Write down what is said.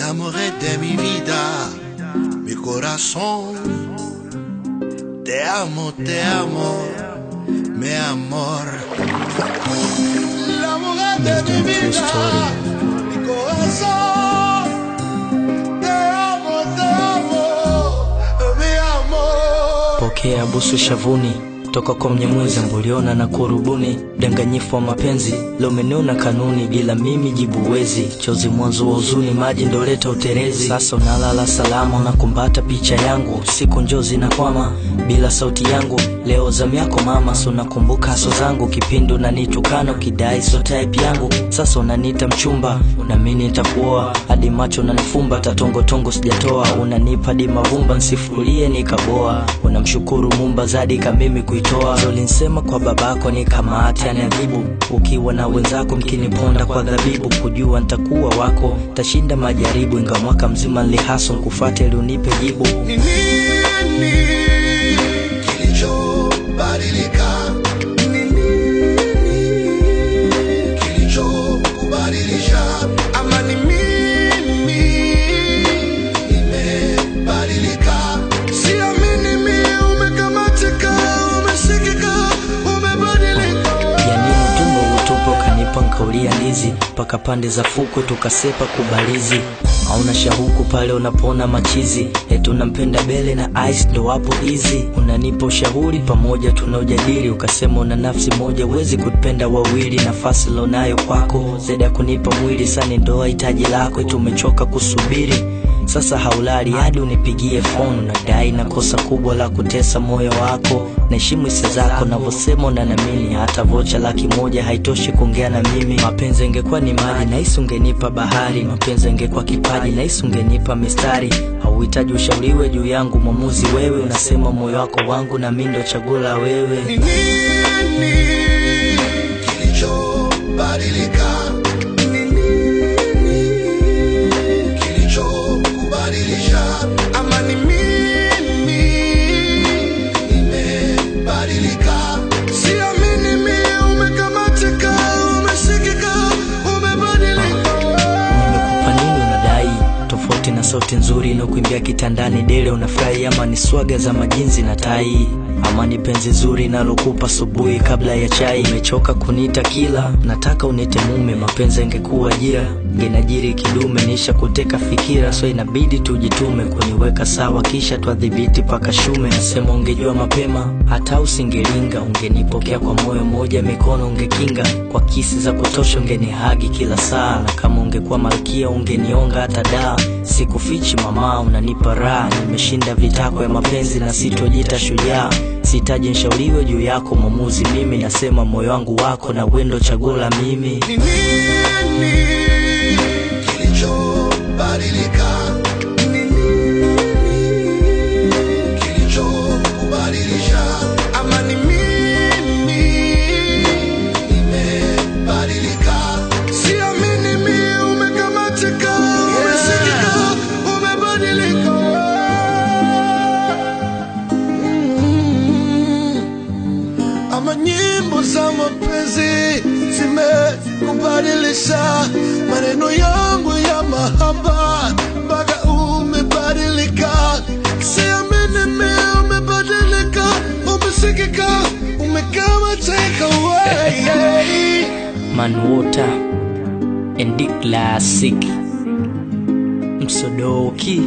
La mujer de mi vida, mi corazón. Te amo, te amo, mi amor. La mujer de mi vida, mi corazón. te te amo, amo, amor Pokea abuso shavuni. toka kwa Mnyamwezi ambuliona na kurubuni mdanganyifu wa mapenzi lomeneona kanuni bila mimi jibu wezi chozi mwanzo wa uzuni maji ndoleta uterezi sasa unalala salama unakumbata picha yangu siku njozi na kwama bila sauti yangu leo zamu yako mama sunakumbuka haso zangu na nitukano kidai so type yangu sasa unanita mchumba unamini nitakuoa hadi macho nanifumba tatongotongo sijatoa unanipa di mavumba nsifurie nikaboa yangu namshukuru mumba zaidi kamimi kuitoa ulinsema kwa babako ni kama hati anadhibu ukiwa na wenzako mkiniponda kwa dhabibu kujua ntakuwa wako tashinda majaribu inga mwaka mzima lihaso kufate lunipe jibu Nini, kaulia ndizi mpaka pande za fukwe tukasepa kubalizi auna shahuku pale unapona machizi etu eh, nampenda bele na ice ndo wapo hizi unanipa ushauri pamoja tunaojadili ukasema una nafsi moja uwezi kupenda wawili nafasi lonayo kwako zaidi ya kunipa mwili sani ndoa hitaji lako tumechoka kusubiri sasa haulali hadi unipigie fonu, nadai na kosa kubwa la kutesa moyo wako. Naheshimu hisia zako navyosema na namini, hata vocha laki moja haitoshi kuongea na mimi. Mapenzi ingekuwa ni maji, nahisi ungenipa bahari. Mapenzi ingekuwa kipaji, nahisi ungenipa mistari. Hauhitaji ushauriwe juu yangu, mwamuzi wewe. Unasema moyo wako wangu, na mimi ndo chagula wewe ni Nini kilichobadilika? sauti nzuri inakuimbia kitandani dele unafurahi ama ni swaga za majinzi na tai ama ni penzi zuri nalokupa subuhi kabla ya chai umechoka kuniita kila nataka unite mume mapenzi angekuwa ajira ginajiri kidume nisha kuteka fikira so inabidi tujitume kuniweka sawa kisha twadhibiti paka shume nasema ungejua mapema hata usingelinga ungenipokea kwa moyo moja mikono ungekinga kwa kisi za kutosha ungenihagi kila saa na kama ungekuwa malkia ungenionga hata daa sikufichi mama unanipa raha nimeshinda vitako ya mapenzi na sitojita shujaa sitaji nshauriwe juu yako mwamuzi mimi nasema moyo wangu wako na wendo chaguo la mimi ni nini za mapenzi zimekubadilisha maneno yangu ya mahaba mpaka umebadilika, siaminimi umebadilika, umesikika, umekama take away Manwater endi Dick Classic Msodoki